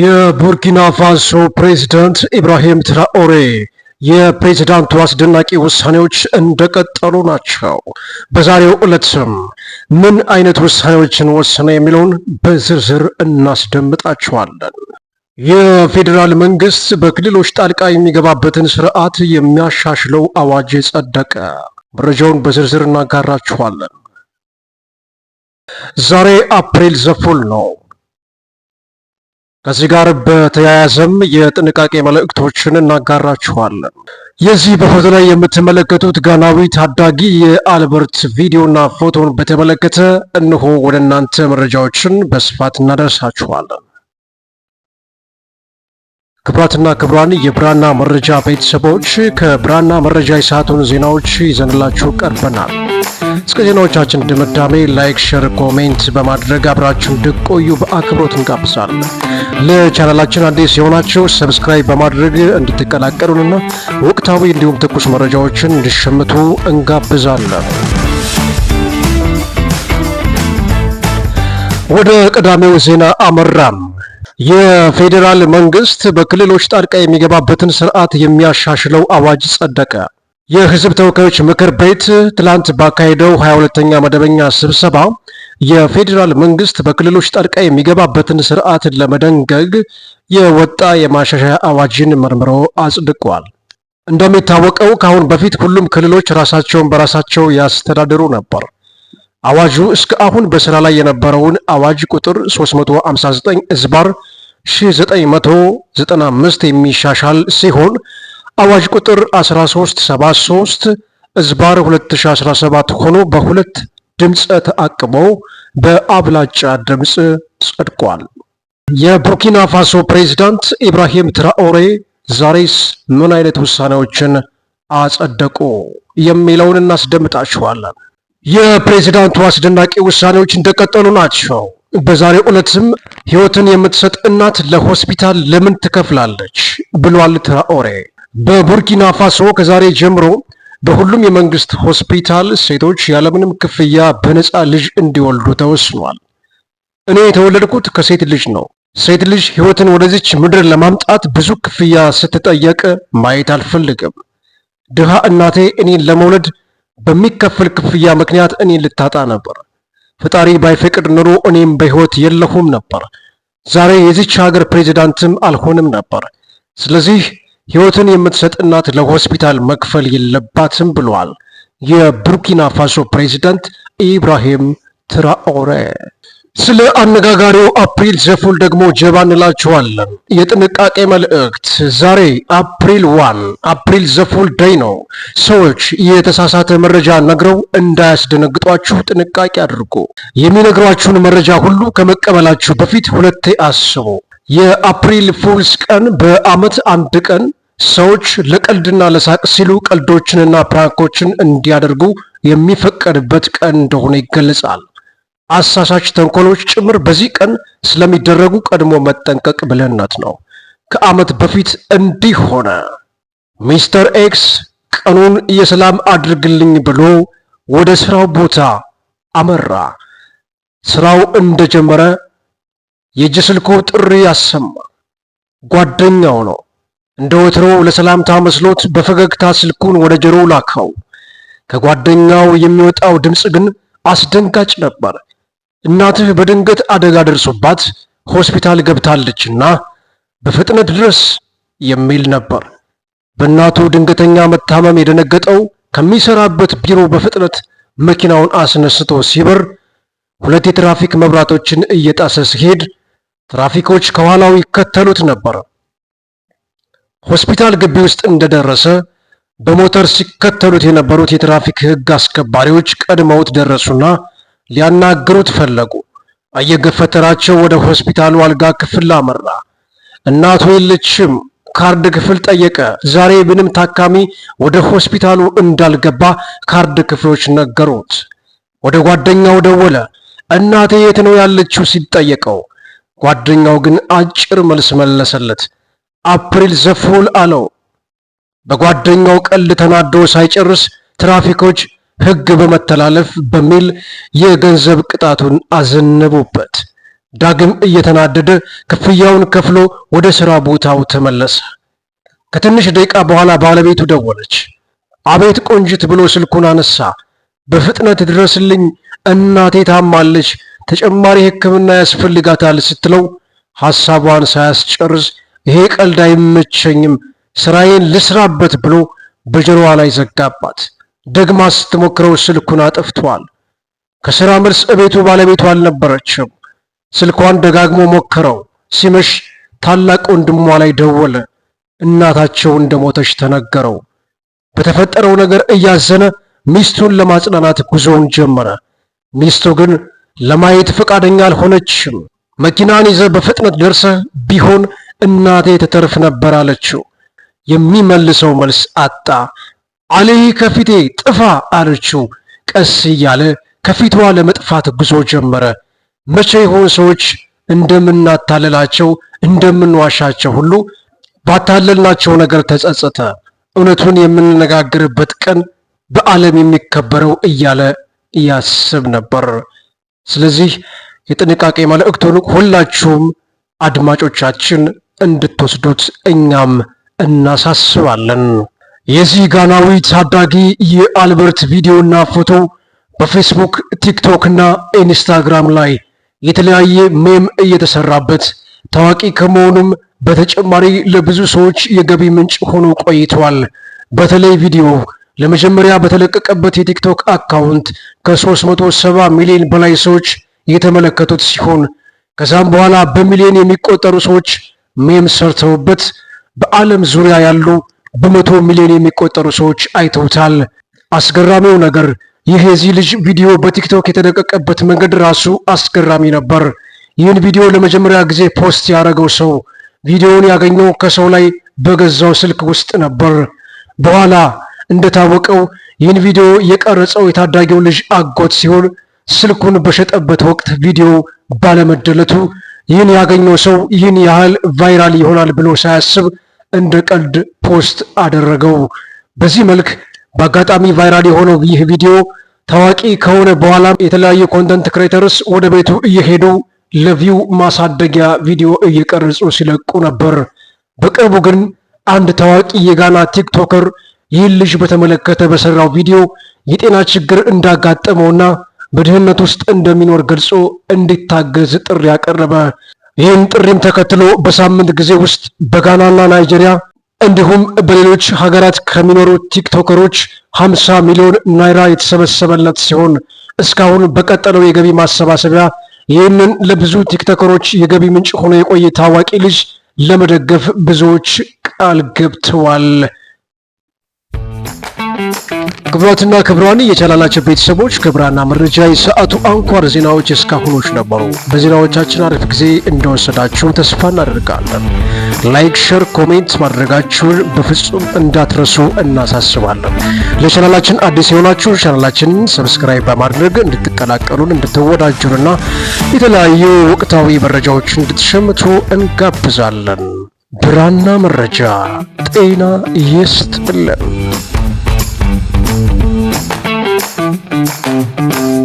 የቡርኪና ፋሶ ፕሬዚዳንት ኢብራሂም ትራኦሬ የፕሬዚዳንቱ አስደናቂ ውሳኔዎች እንደቀጠሉ ናቸው። በዛሬው ዕለትም ምን አይነት ውሳኔዎችን ወሰነ የሚለውን በዝርዝር እናስደምጣችኋለን። የፌዴራል መንግስት በክልሎች ጣልቃ የሚገባበትን ስርዓት የሚያሻሽለው አዋጅ ጸደቀ። መረጃውን በዝርዝር እናጋራችኋለን። ዛሬ አፕሪል ዘፉል ነው። ከዚህ ጋር በተያያዘም የጥንቃቄ መልእክቶችን እናጋራችኋለን። የዚህ በፎቶ ላይ የምትመለከቱት ጋናዊ ታዳጊ የአልበርት ቪዲዮና ፎቶን በተመለከተ እንሆ ወደ እናንተ መረጃዎችን በስፋት እናደርሳችኋለን። ክብራትና ክብራን የብራና መረጃ ቤተሰቦች ከብራና መረጃ የሰዓቱን ዜናዎች ይዘንላችሁ ቀርበናል። እስከ ዜናዎቻችን ድምዳሜ ላይክ፣ ሸር፣ ኮሜንት በማድረግ አብራችሁ እንድቆዩ በአክብሮት እንጋብዛለን። ለቻናላችን አዲስ የሆናችሁ ሰብስክራይብ በማድረግ እንድትቀላቀሉንና ወቅታዊ እንዲሁም ትኩስ መረጃዎችን እንዲሸምቱ እንጋብዛለን። ወደ ቀዳሚው ዜና አመራም። የፌዴራል መንግስት በክልሎች ጣልቃ የሚገባበትን ስርዓት የሚያሻሽለው አዋጅ ጸደቀ። የህዝብ ተወካዮች ምክር ቤት ትላንት ባካሄደው 22ኛ መደበኛ ስብሰባ የፌዴራል መንግስት በክልሎች ጣልቃ የሚገባበትን ስርዓትን ለመደንገግ የወጣ የማሻሻያ አዋጅን መርምሮ አጽድቋል። እንደሚታወቀው ከአሁን በፊት ሁሉም ክልሎች ራሳቸውን በራሳቸው ያስተዳድሩ ነበር። አዋጁ እስከ አሁን በስራ ላይ የነበረውን አዋጅ ቁጥር 359 ዝባር 1995 የሚሻሻል ሲሆን አዋጅ ቁጥር 1373 እዝባር 2017 ሆኖ በሁለት ድምፀ ተአቅቦ በአብላጫ ድምፅ ጸድቋል። የቡርኪና ፋሶ ፕሬዚዳንት ኢብራሂም ትራኦሬ ዛሬስ ምን አይነት ውሳኔዎችን አጸደቁ የሚለውን እናስደምጣችኋለን። የፕሬዚዳንቱ አስደናቂ ውሳኔዎች እንደቀጠሉ ናቸው። በዛሬው ዕለትም ህይወትን የምትሰጥ እናት ለሆስፒታል ለምን ትከፍላለች ብሏል ትራኦሬ። በቡርኪና ፋሶ ከዛሬ ጀምሮ በሁሉም የመንግስት ሆስፒታል ሴቶች ያለምንም ክፍያ በነፃ ልጅ እንዲወልዱ ተወስኗል። እኔ የተወለድኩት ከሴት ልጅ ነው። ሴት ልጅ ህይወትን ወደዚች ምድር ለማምጣት ብዙ ክፍያ ስትጠየቅ ማየት አልፈልግም። ድሃ እናቴ እኔን ለመውለድ በሚከፈል ክፍያ ምክንያት እኔን ልታጣ ነበር። ፈጣሪ ባይፈቅድ ኑሮ እኔም በህይወት የለሁም ነበር። ዛሬ የዚች ሀገር ፕሬዚዳንትም አልሆንም ነበር። ስለዚህ ህይወትን የምትሰጥ እናት ለሆስፒታል መክፈል የለባትም ብሏል። የቡርኪና ፋሶ ፕሬዚዳንት ኢብራሂም ትራኦሬ። ስለ አነጋጋሪው አፕሪል ዘፉል ደግሞ ጀባ እንላችኋለን። የጥንቃቄ መልእክት፣ ዛሬ አፕሪል ዋን አፕሪል ዘፉል ደይ ነው። ሰዎች የተሳሳተ መረጃ ነግረው እንዳያስደነግጧችሁ ጥንቃቄ አድርጉ። የሚነግሯችሁን መረጃ ሁሉ ከመቀበላችሁ በፊት ሁለቴ አስቡ። የአፕሪል ፉልስ ቀን በዓመት አንድ ቀን ሰዎች ለቀልድና ለሳቅ ሲሉ ቀልዶችንና ፕራንኮችን እንዲያደርጉ የሚፈቀድበት ቀን እንደሆነ ይገለጻል። አሳሳች ተንኮሎች ጭምር በዚህ ቀን ስለሚደረጉ ቀድሞ መጠንቀቅ ብልህነት ነው። ከዓመት በፊት እንዲህ ሆነ። ሚስተር ኤክስ ቀኑን የሰላም አድርግልኝ ብሎ ወደ ስራው ቦታ አመራ። ስራው እንደጀመረ የእጅ ስልኩ ጥሪ ያሰማ። ጓደኛው ነው። እንደ ወትሮ ለሰላምታ መስሎት በፈገግታ ስልኩን ወደ ጆሮው ላከው። ከጓደኛው የሚወጣው ድምፅ ግን አስደንጋጭ ነበር። እናትህ በድንገት አደጋ ደርሶባት ሆስፒታል ገብታለችና በፍጥነት ድረስ የሚል ነበር። በእናቱ ድንገተኛ መታመም የደነገጠው ከሚሰራበት ቢሮ በፍጥነት መኪናውን አስነስቶ ሲበር ሁለት የትራፊክ መብራቶችን እየጣሰ ሲሄድ ትራፊኮች ከኋላው ይከተሉት ነበር። ሆስፒታል ግቢ ውስጥ እንደደረሰ በሞተር ሲከተሉት የነበሩት የትራፊክ ሕግ አስከባሪዎች ቀድመውት ደረሱና ሊያናግሩት ፈለጉ። እየገፈተራቸው ወደ ሆስፒታሉ አልጋ ክፍል አመራ። እናቱ የለችም ካርድ ክፍል ጠየቀ። ዛሬ ምንም ታካሚ ወደ ሆስፒታሉ እንዳልገባ ካርድ ክፍሎች ነገሩት። ወደ ጓደኛው ደወለ። እናቴ የት ነው ያለችው ሲጠየቀው ጓደኛው ግን አጭር መልስ መለሰለት። አፕሪል ዘፉል አለው። በጓደኛው ቀልድ ተናዶ ሳይጨርስ ትራፊኮች ሕግ በመተላለፍ በሚል የገንዘብ ቅጣቱን አዘነቡበት። ዳግም እየተናደደ ክፍያውን ከፍሎ ወደ ሥራ ቦታው ተመለሰ። ከትንሽ ደቂቃ በኋላ ባለቤቱ ደወለች። አቤት ቆንጅት ብሎ ስልኩን አነሳ። በፍጥነት ድረስልኝ፣ እናቴ ታማለች፣ ተጨማሪ ሕክምና ያስፈልጋታል ስትለው ሐሳቧን ሳያስጨርስ ይሄ ቀልድ አይመቸኝም፣ ስራዬን ልስራበት ብሎ በጀሮዋ ላይ ዘጋባት። ደግማ ስትሞክረው ስልኩን አጥፍቷል። ከስራ መልስ እቤቱ ባለቤቱ አልነበረችም። ስልኳን ደጋግሞ ሞከረው። ሲመሽ ታላቅ ወንድሟ ላይ ደወለ። እናታቸው እንደሞተች ተነገረው። በተፈጠረው ነገር እያዘነ ሚስቱን ለማጽናናት ጉዞውን ጀመረ። ሚስቱ ግን ለማየት ፈቃደኛ አልሆነችም። መኪናን ይዘ በፍጥነት ደርሰህ ቢሆን እናቴ ትተርፍ ነበር አለችው። የሚመልሰው መልስ አጣ። አለይ ከፊቴ ጥፋ አለችው። ቀስ እያለ ከፊቷ ለመጥፋት ጉዞ ጀመረ። መቼ ይሆን ሰዎች እንደምናታለላቸው እንደምንዋሻቸው ሁሉ ባታለልናቸው ነገር ተጸጸተ። እውነቱን የምንነጋገርበት ቀን በዓለም የሚከበረው እያለ እያስብ ነበር። ስለዚህ የጥንቃቄ መልእክቱን ሁላችሁም አድማጮቻችን እንድትወስዱት እኛም እናሳስባለን። የዚህ ጋናዊ ታዳጊ የአልበርት ቪዲዮና ፎቶ በፌስቡክ ቲክቶክና ኢንስታግራም ላይ የተለያየ ሜም እየተሰራበት ታዋቂ ከመሆኑም በተጨማሪ ለብዙ ሰዎች የገቢ ምንጭ ሆኖ ቆይቷል። በተለይ ቪዲዮ ለመጀመሪያ በተለቀቀበት የቲክቶክ አካውንት ከ370 ሚሊዮን በላይ ሰዎች የተመለከቱት ሲሆን ከዛም በኋላ በሚሊዮን የሚቆጠሩ ሰዎች ሜም ሰርተውበት በዓለም ዙሪያ ያሉ በመቶ ሚሊዮን የሚቆጠሩ ሰዎች አይተውታል። አስገራሚው ነገር ይህ የዚህ ልጅ ቪዲዮ በቲክቶክ የተለቀቀበት መንገድ ራሱ አስገራሚ ነበር። ይህን ቪዲዮ ለመጀመሪያ ጊዜ ፖስት ያደረገው ሰው ቪዲዮውን ያገኘው ከሰው ላይ በገዛው ስልክ ውስጥ ነበር። በኋላ እንደታወቀው ይህን ቪዲዮ የቀረጸው የታዳጊው ልጅ አጎት ሲሆን ስልኩን በሸጠበት ወቅት ቪዲዮ ባለመደለቱ ይህን ያገኘው ሰው ይህን ያህል ቫይራል ይሆናል ብሎ ሳያስብ እንደ ቀልድ ፖስት አደረገው። በዚህ መልክ በአጋጣሚ ቫይራል የሆነው ይህ ቪዲዮ ታዋቂ ከሆነ በኋላ የተለያዩ ኮንተንት ክሬተርስ ወደ ቤቱ እየሄዱ ለቪው ማሳደጊያ ቪዲዮ እየቀረጹ ሲለቁ ነበር። በቅርቡ ግን አንድ ታዋቂ የጋና ቲክቶከር ይህን ልጅ በተመለከተ በሰራው ቪዲዮ የጤና ችግር እንዳጋጠመውና በድህነት ውስጥ እንደሚኖር ገልጾ እንዲታገዝ ጥሪ አቀረበ። ይህን ጥሪም ተከትሎ በሳምንት ጊዜ ውስጥ በጋናና ናይጄሪያ እንዲሁም በሌሎች ሀገራት ከሚኖሩ ቲክቶከሮች 50 ሚሊዮን ናይራ የተሰበሰበለት ሲሆን እስካሁን በቀጠለው የገቢ ማሰባሰቢያ ይህንን ለብዙ ቲክቶከሮች የገቢ ምንጭ ሆኖ የቆየ ታዋቂ ልጅ ለመደገፍ ብዙዎች ቃል ገብተዋል። ክብሯትና ክብሯን የቻናላችን ቤተሰቦች ክብራና መረጃ የሰዓቱ አንኳር ዜናዎች እስካሁኖች ነበሩ። በዜናዎቻችን አሪፍ ጊዜ እንደወሰዳችሁ ተስፋ እናደርጋለን። ላይክ፣ ሸር፣ ኮሜንት ማድረጋችሁን በፍጹም እንዳትረሱ እናሳስባለን። ለቻናላችን አዲስ የሆናችሁ ቻናላችንን ሰብስክራይብ በማድረግ እንድትቀላቀሉን እንድትወዳጁንና የተለያዩ ወቅታዊ መረጃዎችን እንድትሸምቱ እንጋብዛለን። ብራና መረጃ ጤና ይስጥልን። Thank you.